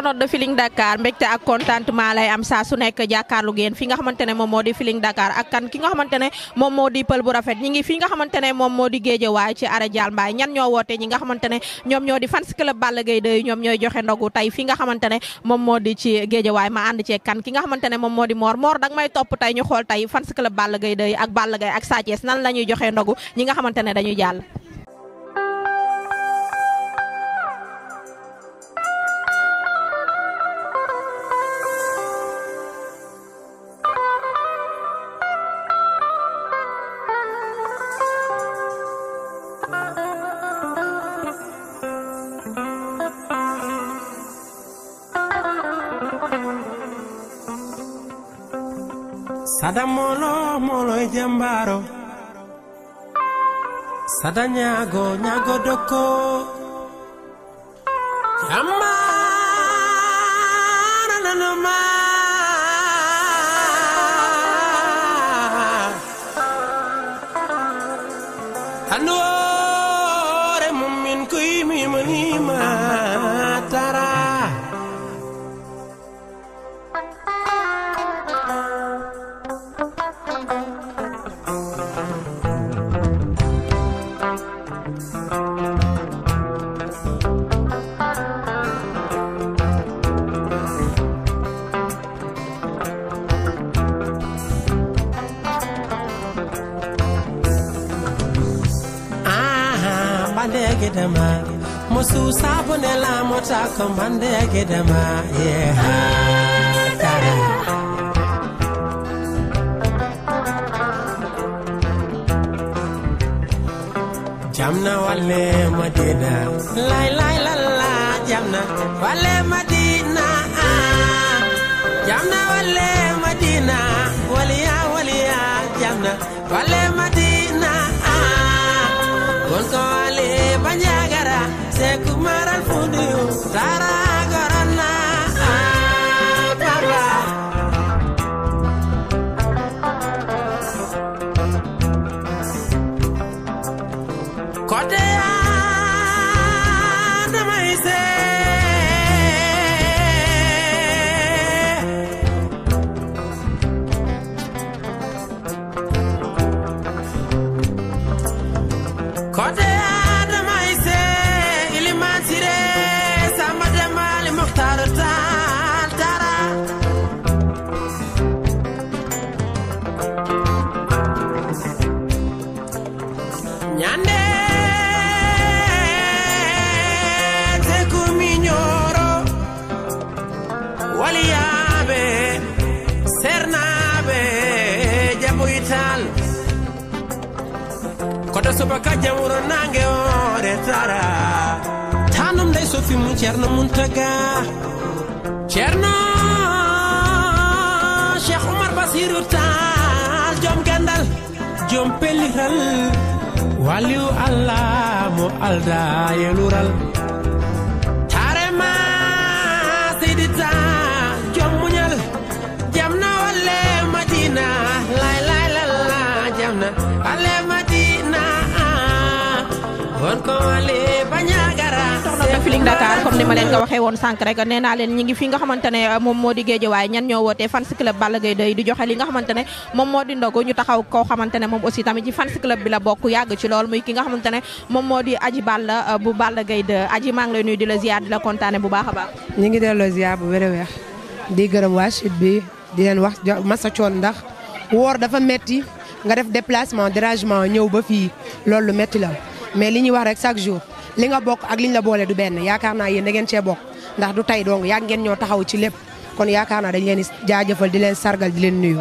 internet de Feeling Dakar mbégte ak contentement lay am saa su nekk jàkkaarlu ngeen fi nga xamante ne moom moo di Feeling Dakar ak kan ki nga xamante ne moom moo di pël bu rafet ñi ngi fi nga xamante ne moom moo di Géejawaay ci ara ñoo woote ñi nga xamante ne ñoom ñoo di fans club Balla Gaye 2 ñoom ñooy joxe ndogu tey fi nga xamante ne moom moo di ci Géejawaay ma ànd ceeg kan ki nga xamante ne moom moo di Mor Mor danga may topp tey ñu xool tey fans club Balla Gaye 2 ak Balla Gaye ak Sa Thiès nan la ñuy joxe ndogu ñi nga xamante ne dañuy jàll Sada molo molo e jambaro Sada nyago nyago doko mota kamande yake da ma ya hatara jamna wale madina lai lai la la jamna wale madina ah. jamna wale madina waliya waliya jamna wale madina ah. gonko wale Seku maral fundiu Sara gorana Papa Kote ya te suba kàjja wuroon naa ngi woore tara taanum day sofi mu Cerno Muntaga Cerno Cheikh Omar Basiru Taal jom gandal jom pelliral waliyu Allah mu alda yelural Feeling Dakar comme ni ma leen ko waxee woon sànq rek nee naa leen ñi ngi fi nga xamante uh, moom moo di Guédiawaye ñan ñoo wootee fans club Balla Gaye day di joxe li nga xamante ne moom moo di ndogu ñu taxaw ko xamante ne moom aussi tamit ci fans club bi la bokk yàgg ci lool muy ki nga xamante ne moom moo di Aji la uh, bu Balla gay de Aji maa ngi lay nuyu di la ziar di la kontaane bu baax a baax ñi ngi delloo ziar bu wér a weex di gërëm waa bi di leen wax masa coon ndax woor dafa metti nga def déplacement dérangement ñëw ba fii loolu metti la mais li ñuy wax rek chaque jour li nga bokk ak liñ la boole du benn yaakaar naa yéen da ngeen bokk ndax du tey dong yàgg ngeen ñoo taxaw ci lépp kon yaakaar naa dañ leen di jaajëfal di leen sargal di leen nuyu.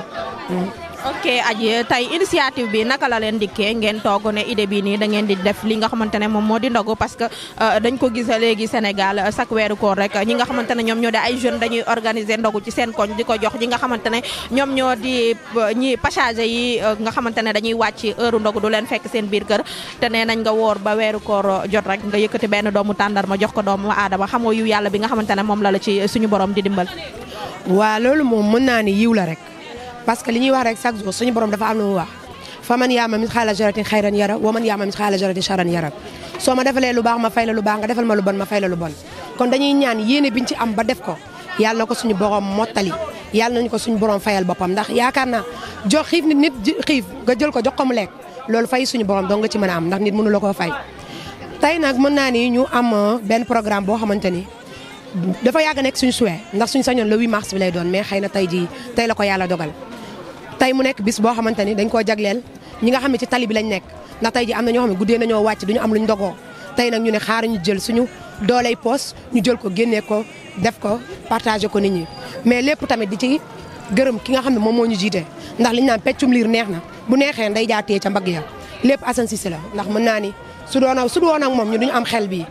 Hmm. ok aji tey initiative bi naka la leen dikkee ngeen toog ne idée bi nii da ngeen di def li nga xamante ne moom moo di ndogu parce euh, dañ ko gis léegi Sénégal euh, chaque weeru koor rek ñi nga xamante ne ñoom ñoo di ay jeunes dañuy organiser ndogu ci seen koñ di ko jox ñi xamante ne ñoom ñoo di euh, ñi passager yi nga xamante ne dañuy wàcc heure ndogu du leen fekk seen biir kër te nee nañ nga woor ba weeru jot rek nga yëkkati benn doomu tàndarma jox ko doomu aadama xamoo yiw yàlla bi nga xamante ne moom la la ci suñu borom di dimbal waaw loolu moom mën naa ni yiw la rek parce que li ñuy wax rek chaque jour suñu borom dafa am lu mu wax fa man yaama mit xaala jaratin xayran yara wa man yaama mit xaala jaratin charan yara soo ma defalee lu baax ma fay la lu baax nga defal ma lu bon ma fay la lu bon kon dañuy ñaan yéene biñ ci am ba def ko yàlla na ko suñu borom mottali yàlla nañu ko suñu borom fayal boppam ndax yaakaar naa jox xiif nit nit xiif nga jël ko jox ko mu lekk loolu fay suñu borom dong nga ci mën a am ndax nit mënu la koo fay tey nag mën naa ni ñu am uh, benn programme boo xamante ni dafa yàgg nekk suñu souhait ndax suñu sañoon le 8 mars bi lay doon mais xëy na tey jii tey la ko yàlla dogal tey mu nekk bis boo xamante ni dañ koo jagleel ñi nga xam ne ci tali bi lañ nekk ndax tey ji am na ñoo xam ne guddee nañoo wàcc ñu am luñ dogoo tey nag ñu ne xaar ñu jël suñu dooleey poos ñu jël ko génnee ko def ko partagé ko nit ñi mais lépp tamit di ci gërëm ki nga xam ne moom moo ñu jiite ndax liñ naan peccum liir neex na bu neexee nday jaatee ca mbagg ya lépp Assane la ndax mën naa ni su doon su doon ak moom ñu am xel bi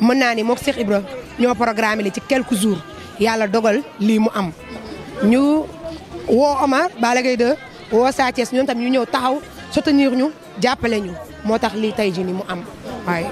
mën naa ni mook Cheikh Ibra ñoo programme li ci quelques jours yàlla dogal lii mu am woo Omar Balla Gaye woo Sa Thiès ñoom ñu ñëw taxaw soutenir ñu jàppale ñu moo tax lii tey jii ni mu am waaye.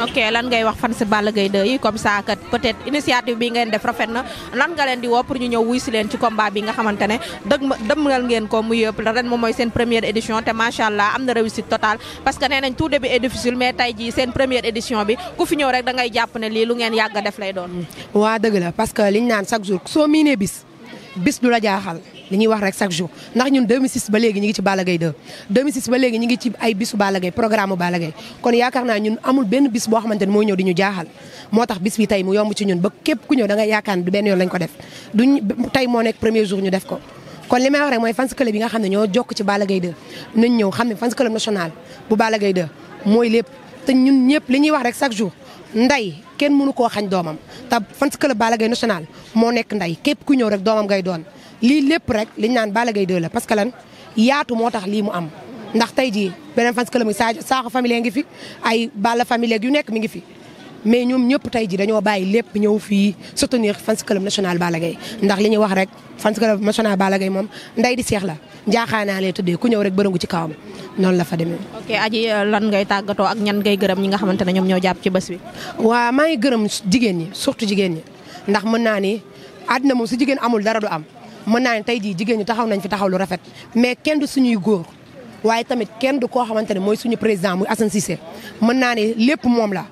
ok lan ngay wax fan si Balla Gaye 2 yi comme ça kat peut initiative bi ngeen def rafet na lan nga leen di woo pour ñu ñëw wuy leen ci combat bi nga xamante ne dëgg dëmmal ngeen ko muy yëpp ren moom mooy seen première édition te macha allah am na réussite totale parce que nee nañ tout début est difficile mais tey jii seen première édition bi ku fi ñëw rek da ngay jàpp ne lii lu ngeen yàgg a def lay doon. waa dëgg la parce que liñ naan chaque jour soo bis bis du la jaaxal. li ñuy wax rek chaque jour ndax ñun 2006 ba léegi ñu ngi ci Balla Gaye 2 2006 ba léegi ñu ngi ci ay bisu Balla Gaye programme Balla Gaye kon yaakaar naa ñun amul benn bis boo xamante ne moo ñëw di ñu jaaxal moo tax bis bi tey mu yomb ci ñun ba képp ku ñëw da nga yaakaar du benn yoon ko def tey moo nekk premier jour ñu def ko kon li may wax rek mooy fans club yi nga xam ne ñoo jokk ci Balla Gaye 2 nañ ñëw xam ne fans national bu Balla Gaye 2 mooy lépp te ñun ñëpp li ñuy wax rek chaque jour nday kenn mënu koo xañ doomam te fans club Balla Gaye national moo nekk nday képp ku ñëw rek doomam ngay doon lii lépp rek liñ naan Balla gay 2 la parce que lan yaatu moo tax lii mu am ndax tey jii beneen fans club mi Sadio Sakho famille ngi fi ay Balla famille yu nekk mi ngi fi mais ñoom ñëpp tey ji dañoo bàyyi lépp ñëw fii soutenir fans club national Balla Gaye ndax li ñuy wax rek fans club national Balla Gaye moom nday di seex la njaaxaanaa lay tuddee ku ñëw rek bërëngu ci kawam noonu la fa demee. ok aji lan ngay tàggatoo ak ñan ngay gërëm ñi nga xamante ne ñoom ñoo jàpp ci bés waa maa ngi gërëm jigéen ñi surtout jigéen ñi ndax mën naa ni àddina moom su jigéen amul dara du am mën naa ne tey jii jigéen ñi taxaw nañ fi taxaw lu rafet mais kenn du suñuy góor waaye tamit kenn du koo xamante ne mooy suñu président muy Assane Cissé mën naa ne lépp moom la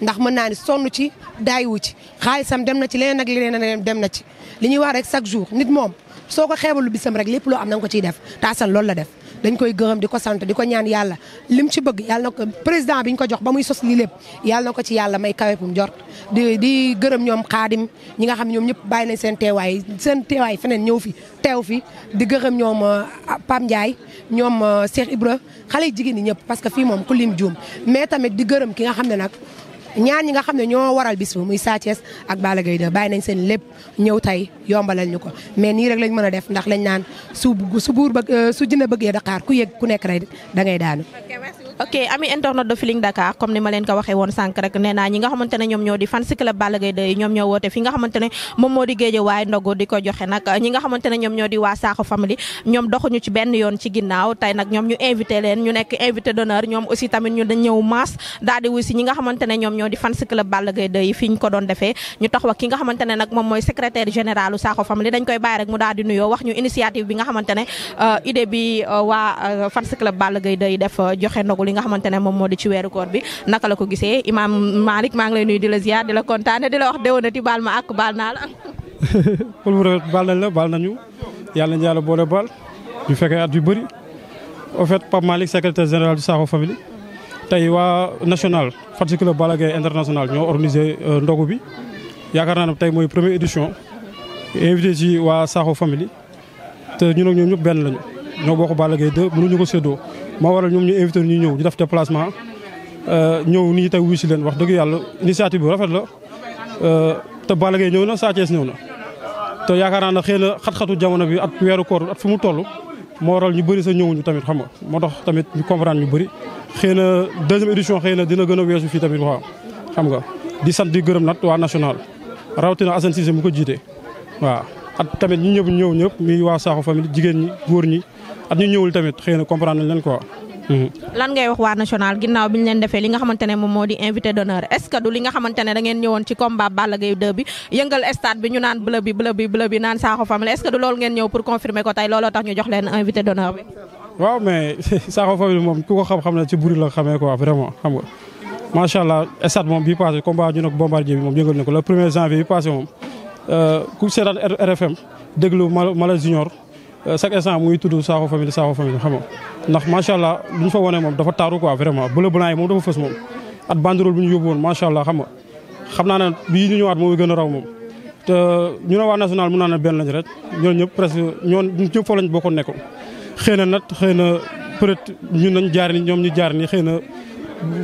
ndax mën naa ne sonn ci daayiwu ci xaalisam dem na ci leneen ak leneen dem na ci li ñuy wax rek chaque jour nit moom soo ko xeebalu bisam rek lépp loo am na nga ko ciy def te Assane loolu la def dañ koy gërëm di ko sant di ko ñaan yàlla lim si bëgg yàlla na président bi ko jox ba muy sos lii lépp yàlla na ko ci yàlla may kawe bu mu jot di di gërëm ñoom xaadim ñi nga xam ñoom ñëpp bàyyi nañ seen teewaay seen teewaay feneen ñëw fi teew fi di gërëm ñoom ah, Pam Ndiaye ñoom ah, Cheikh Ibra xale jigéen ñi ñëpp parce que fii moom ku lim juum mais tamit di gërëm ki nga xam ne nag ñaar ñi nga xam ne ñoo waral bis bi muy Sa Thiès ak Balla Gaye 2 bàyyi nañ seen lépp ñëw tey yombalal ñu ko mais nii rek lañ mën a def ndax lañ naan su su buur ba euh, su jinne bëggee Dakar ku yëg ku nekk rek da ngay daanu ok ami internet de Feeling Dakar comme ni ma leen ko waxee woon sànq rek nee naa ñi nga xamante ne ñoom ñoo di fan si club Balla Gaye ñoom ñoo woote fi nga xamante ne moom moo leen ñu nekk invité d'honneur ñoom aussi tamit ñu dañ ñëw maas ne ñoo di fan si club Balla Gaye 2 yi fi ñu moom mooy secrétaire général u Sakho family dañ koy bàyyi rek mu daal di wax ñu initiative bi nga xamante ne euh, bi euh, waa euh, club Balla Gaye def joxe ndogu li nga xamante ne moom moo di ci weeru koor bi naka la ko gisee imaam Malick maa ngi lay nuyu di la ziar di la kontaane di la wax déwénati baal ma ak baal naa la. pour baal la baal nañu yàlla nañu yàlla boole baal ñu fekkee at yu bëri au fait Pape Malick secrétaire général du Sakho Family tey waa national Fatick Club Balla Gaye international ñoo organisé euh, ndogu bi yaakaar naa ne tey mooy première édition invité ci waa Sakho Family te ñun ak ñoom ñëpp benn lañu ñoo bokk ko séddoo. moo waral ñoom ñu invité ñu ñëw ñu def déplacement euh, ñëw nii tey wuyu si leen wax dëgg yàlla initiative bi rafet la euh, te Balla Gaye ñëw na Sa Thiès ñëw na. te yaakaar naa ne xëy na xat-xatu jamono bi at weeru koor at fu mu toll moo waral ñu bëri sa ñëwuñu tamit xam nga moo tax tamit ñu comprendre ñu bëri xëy na deuxième édition xëy na dina gën a weesu fii tamit waaw xam nga di sant di gërëm nag waa national rawatina Assane Cissé mu ko jiite waa at tamit ñi ñëw ñëpp mi waa Sakho famille jigéen ñi góor ñi at ñu ñëwul tamit xëy na comprendre nañ leen quoi. Hmm. lan ngay wax waa national ginnaaw bi ñu leen defee li nga xamante ne moom moo di invité d'honneur est-ce que du li nga xamante ne da ngeen ñëwoon ci bi ñu naan bleu naan Sakho famille est ko tey looloo tax ñu jox bi. moom ku xam-xam ne ci buri la xamee quoi vraiment xam nga macha allah stade moom bii passé combat ñu bi moom moom euh, ku seetaan RFM déglu Mala Junior Euh, chaque instant muy tudd Sakho famille Sakho famille xam ndax macha allah lu ñu fa wane moom dafa taaru quoi vraiment bleu blanc yi moom dafa fës moom. at banderole bu ñu yóbbu woon macha allah xam nga xam naa ne bii ñu ñëwaat moom gën a raw moom. te ñu ne waa national mun naa ne benn lañ rek ñoom ñëpp presque ñoon ñun ñëpp fa lañ bokkoon nekkoon. xëy na nag xëy na peut être ñun nañ jaar ni ñoom ñu jaar ni xëy na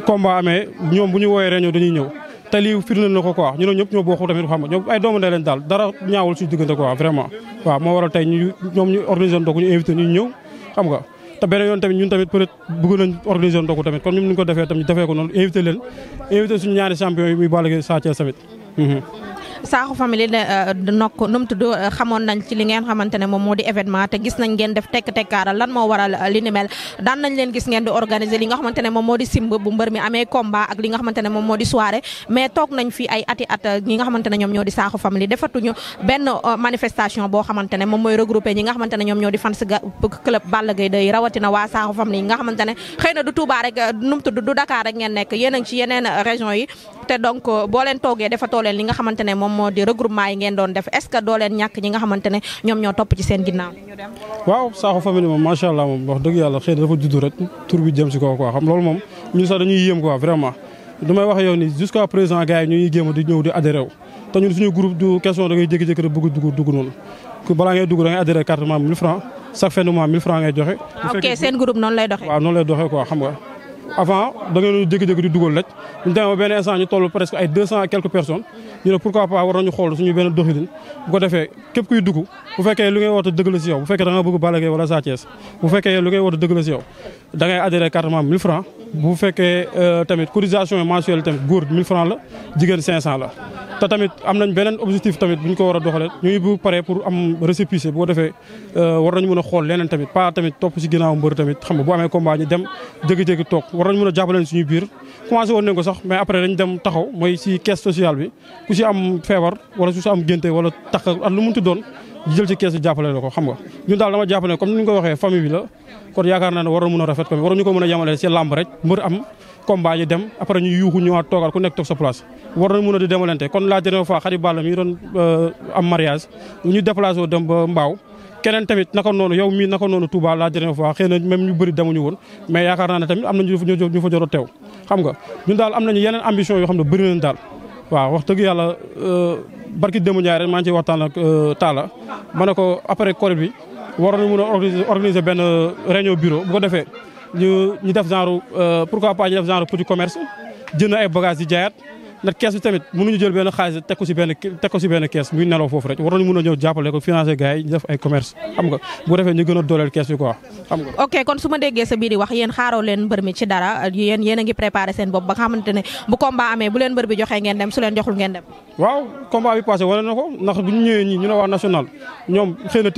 combat amee ñoom bu ñu woowee rek ñoom dañuy ñëw. te lii firndeel na ko quoi ñu ñëpp ñoo bokk tamit xam nga ñoom ay doomu ndey lañ daal dara ñaawul suñu diggante quoi vraiment waaw moo waral tey ñu ñoom ñu organisé ndogu ñu invité ñu ñëw xam nga te beneen yoon tamit ñun tamit peut être bëgg nañ organiser ndogu tamit kon ñoom ñu ko defee tamit defee ko noonu invité leen invité suñu ñaari champion yi muy Balla Gaye Sa Thiès Sakho famille de euh, nokk nu mu tudd euh, xamoon nañ ci li ngeen xamante ne moom moo di événement te gis nañ ngeen def tekk-tekkaaral lan moo waral euh, li daan nañ leen gis ngeen di organiser li nga xamante ne moom moo simb bu mbër mi amee combat ak li nga xamante ne moom moo di soirée toog nañ fi ay ati at ñi nga xamante ne ñoom ñoo di Sakho famille defatuñu benn manifestation boo xamante ne moom mooy regroupé ñi nga xamante ne ñoom ñoo di fans club na du Touba rek nu mu tudd du Dakar rek ngeen nekk te donc boo leen toogee dafa too leen li nga xamante ne moom moo di regroupement yi ngeen doon def est-ce que doo leen ñàkk ñi nga xamante ñoom ñoo topp ci seen ginnaaw. waaw Sakho famille moom macha allah moom wax dëgg yàlla xëy na dafa juddu rek tur bi jëm si xam loolu moom ñun sax dañuy yéem quoi vraiment. du may wax yow ni jusqu'à présent gars yi ñu ngi géem di ñëw di adhéré te ñun suñu groupe du question rek bëgg dugg dugg noonu balaa ngay dugg da ah, nga avant da ngeen ñu di dugal laj ñu demee ba benn instant ñu toll presque ay deux cent et quelques personnes ñu ne pourquoi pas war nañu xool suñu benn doxalin bu defee képp kuy dugg bu fekkee lu ngay woote dëgg la si bu fekkee da nga bëgg Balla Gaye wala Sa Thiès bu fekkee lu ngay woote dëgg la si yow da ngay adhéré carte membre bu fekkee euh, tamit cotisation mensuelle tamit góor 1000 francs la jigéen cent la. te tamit am nañ beneen objectif tamit bu ñu ko war a doxalee ñu bu paree pour am récépissé boo defee euh, war nañu mën a xool leneen tamit pas tamit topp si ginnaaw mbër tamit xam nga bu amee combat ñu dem jékki-jékki toog war nañu mën a jàppale suñu biir. commencé woon nañ ko sax mais après dañ dem taxaw mooy si caisse sociale bi ku si am feebar wala su si am génte wala tax ak lu mu munti doon. jël ci kees bi jàppale la ko xam nga ñun daal dama jàpp ne comme ni ñu ko waxee famille bi la kon yaakaar naa ne waroon mën a rafet comme ko mën a yemale si làmb rek mbër am combat yi dem après ñu yuuxu ñëwaat toogal ku nekk toog sa place war na mën a di demalante kon la dernière fois xarit Balla mi doon euh, am mariage ñu déplacé wu dem ba Mbaaw keneen tamit naka noonu yow mii naka noonu Touba la dernière fois xëy na même ñu bëri demuñu woon mais yaakaar ne tamit am nañu ñu fa a nga ñun daal am yeneen ambition yoo xam ne bëri nañ daal waaw wax dëgg yàlla euh, barki démb ñaar rek maa ngi waxtaan ak euh, Talla ma ne ko après Korite bi waroon nañu mën a organiser benn euh, réunion bureau bu ko defee ñu ñu def genre pourquoi pas ñu def genre petit commerce jënd ay bagages yi jaayaat. ndax kees bi tamit mënuñu jël benn xaalis teg ko si benn kees muy nelaw foofu rek war nañu mën a ñëw jàppale ko financer gars yi def xam nga bu defee ñu gën a dooleel kees bi quoi xam ok kon su ma déggee sa biir wax yéen xaaroo leen mbër ci dara yéen a ngi préparé seen bopp ba nga ne bu combat amee bu leen mbër bi joxee ngeen dem su leen joxul ngeen dem. waaw combat bi passé wane na ko ndax bu ñëwee ñi ñu ne waa national ñoom xëy na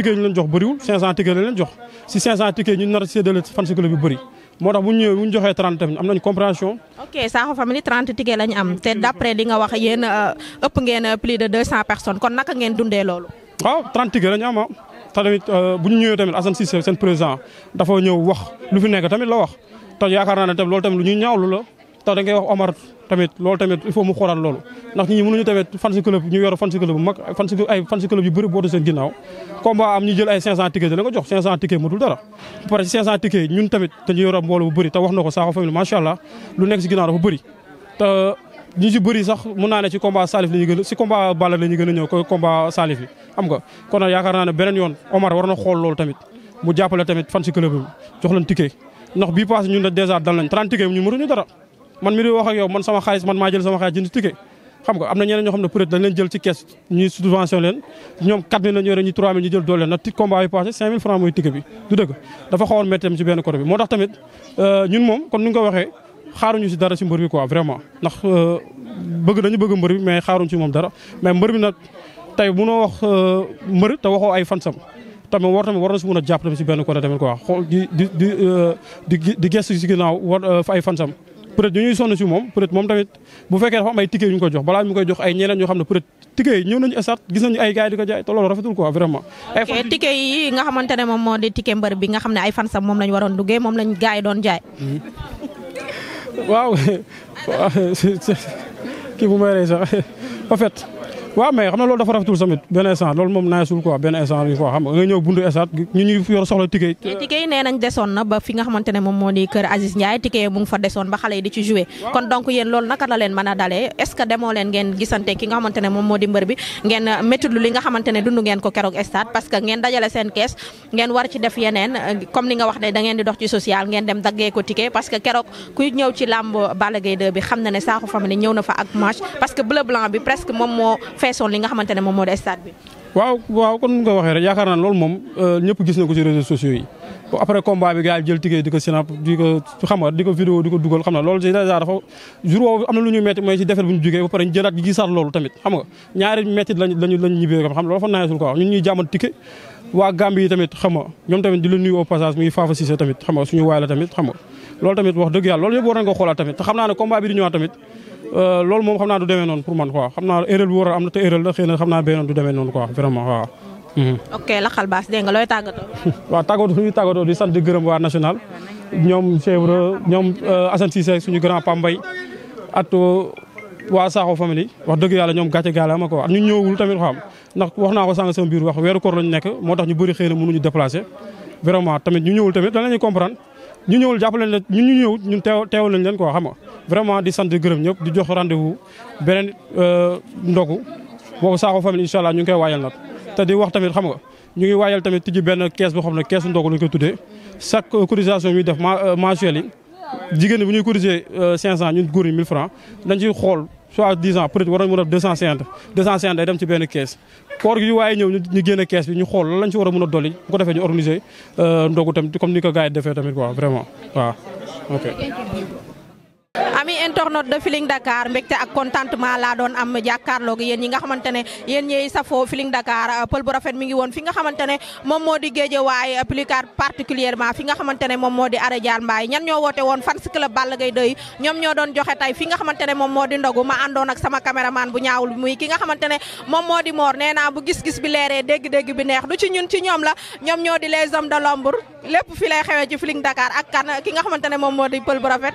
ticket moo tax bu ñu ñëwee bu joxee 30 tamit am nañ compréhension. ok Sakho Family 30 ticket lañ am te d' après li nga wax yéen euh, ëpp ngeen euh, plus de 200 personnes kon naka ngeen dundee loolu. waaw 30 ticket lañ am ah te tamit euh, bu ñu ñëwee tamit Assane Cissé seen président dafa ñëw wax lu fi nekk tamit la wax te yaakaar naa ne tamit loolu tamit lu ñuy ñaawlu la te da ngay wax Omar. tamit loolu tamit il faut mu xoolaat loolu ndax ñi mënuñu fan si club ñu la nga jox mu dul si 500 tickets ñun si ginnaaw dafa bëri te ñu si bëri sax naa ne ci combat a si combat Balla la ko kon nag yaakaar naa ne beneen yoon Omar war na xool loolu tamit mu jàppale tamit fan si club bi jox leen ticket ndax bii passé ñun da dèjà dal nañ 30 tickets ñu mënuñu dara man mi di wax ak yow man sama xaalis man maa jël sama xaalis jënd ticket xam nga am na ñeneen ñoo xam ne peut être leen jël ci caisse ñuy subvention leen ñoom 4000 la ñu yore ñu 3000 ñu jël doole leen nag ti combat yi passé 5000 francs mooy ticket bi du dëgg dafa xawoon méttem tamit euh, moom kon ni nga ko waxee xaaruñu si dara si mbër bi quoi vraiment ndax euh, bëgg dañu bëgg mbër bi mais xaaruñ si moom dara mais mbër bi nag tey mënoo wax euh, mbër te waxoo ay fansam tamit war tamit war na si mën a jàpp si benn côté tamit quoi xool di di di di gestu si ginaaw war fa fan sam peut-être ñuy sonn si moom peut moom tamit bu fekkee dafa am ay ticket yu ñu ko jox balaa ñu koy jox ay ñeneen xam ne peut-être ñëw nañu stade gis nañu ay gars di ko jaay te rafetul quoi vraiment. ay fan ticket yi nga xamante moom moo di ticket mbër bi nga xam ne ay fan sam moom lañu waroon duggee moom lañu gars doon jaay. Hmm. waaw kii bu may rey sax en fait. waaw mais xam na loolu dafa rafetul tamit benn instant loolu moom naa sul quoi benn instant bi quoi ñu ñuy soxla ticket. ticket yi nee na ba fi nga xamante ne moom moo di kër Aziz Ndiaye mbër bi ngeen méttitlu li nga xamante ne dund ngeen ko keroog stade parce que ngeen dajale seen kees ngeen war ci def yeneen comme ni nga wax ne da di dox ci social ngeen dem daggee ko ticket parce que keroog kuy ñëw ci làmb Balla Gaye xam na ne Sakho Family ñëw feesoon li nga xamante ne moom moo di stade bi. waaw waaw kon nu nga waxee rek yaakaar naa loolu moom euh, ñëpp gis na ko ci réseaux sociaux yi. après combat bi gars yi jël ticket di ko sinap xam nga di ko vidéo di ko xam loolu ci dèjà dafa jour am na lu ñuy ñu ñuy jàmmal ticket waa Gambie tamit xam nga ñoom wax dëgg yàlla loolu yëpp war nañ xam naa ne bi di ñëwaat tamit Euh, loolu moom xam naa du demee noonu pour man quoi xam naa erreur bu war a am na te erreur la xëy na xam naa beneen du demee noonu quoi vraiment waaw. Mhm. ok laxal baas dégg nga looy tàggatoo. waaw tàggatoo suñuy tàggatoo di sant di gërëm waa national ñoom chèvre ñoom euh, Assane Cissé suñu grand pambay at euh, waa wax dëgg yàlla ñoom gàcce gaale ko at ñu ñëwul tamit wax naa ko sànq sama biir wax weeru koor lañu nekk moo tax ñu bëri xëy na mënuñu déplacé vraiment tamit ñu ñëwul tamit danañu comprendre ñu ñëwul jàppale leen ñun ñu ñëw ñun teew teewal nañ leen quoi xam nga vraiment di sant gërëm ñëpp di jox rendez-vous beneen euh, ndogu boobu Sakho famille incha allah ñu ngi koy waajal nag te di wax tamit xam nga ñu ngi waajal tamit tijji benn kees boo xam ne keesu ndogu lañ ko tuddee chaque euh, cotisation bi def euh, mensuelle yi jigéen bu ñuy cotiser 500 ñun góor ñi 1000 francs dañ ciy xool soit 10 ans peut être war nañ mën a def 250 250 day dem ci benn kees koor gi waaye ñëw ñu génne kees bi ñu xool loolu lañ ci war a mën a dolli bu ko defee ñu organiser euh, ndogu tamit comme ni ko gars yi defee tamit quoi vraiment waaw ok ami internaute de Feeling Dakar mbégte ak contentement laa doon am jàkkaarloog yéen yi nga xamante ne yéen ñiy safoo Feeling Dakar euh, pël bu rafet mi ngi woon fi nga xamante ne moom moo di Guédiawaye euh, plus particulièrement fi nga xamante ne moom moo di Adja Diar Mbaye ñan ñoo woote woon fans club Balla Gaye 2 ñoom ñoo doon joxe tey fi nga xamante ne moom moo di ndogu ma àndoon ak sama caméraman bu ñaawul muy ki nga xamante ne moom moo di moor nee naa bu gis-gis bi leeree dégg-dégg neex du ci ñun ci ñoom la ñoom ñoo di les hommes de l'ombre lépp fi lay xewee ci Feeling Dakar ak kan ki nga xamante ne moom moo di pël bu rafet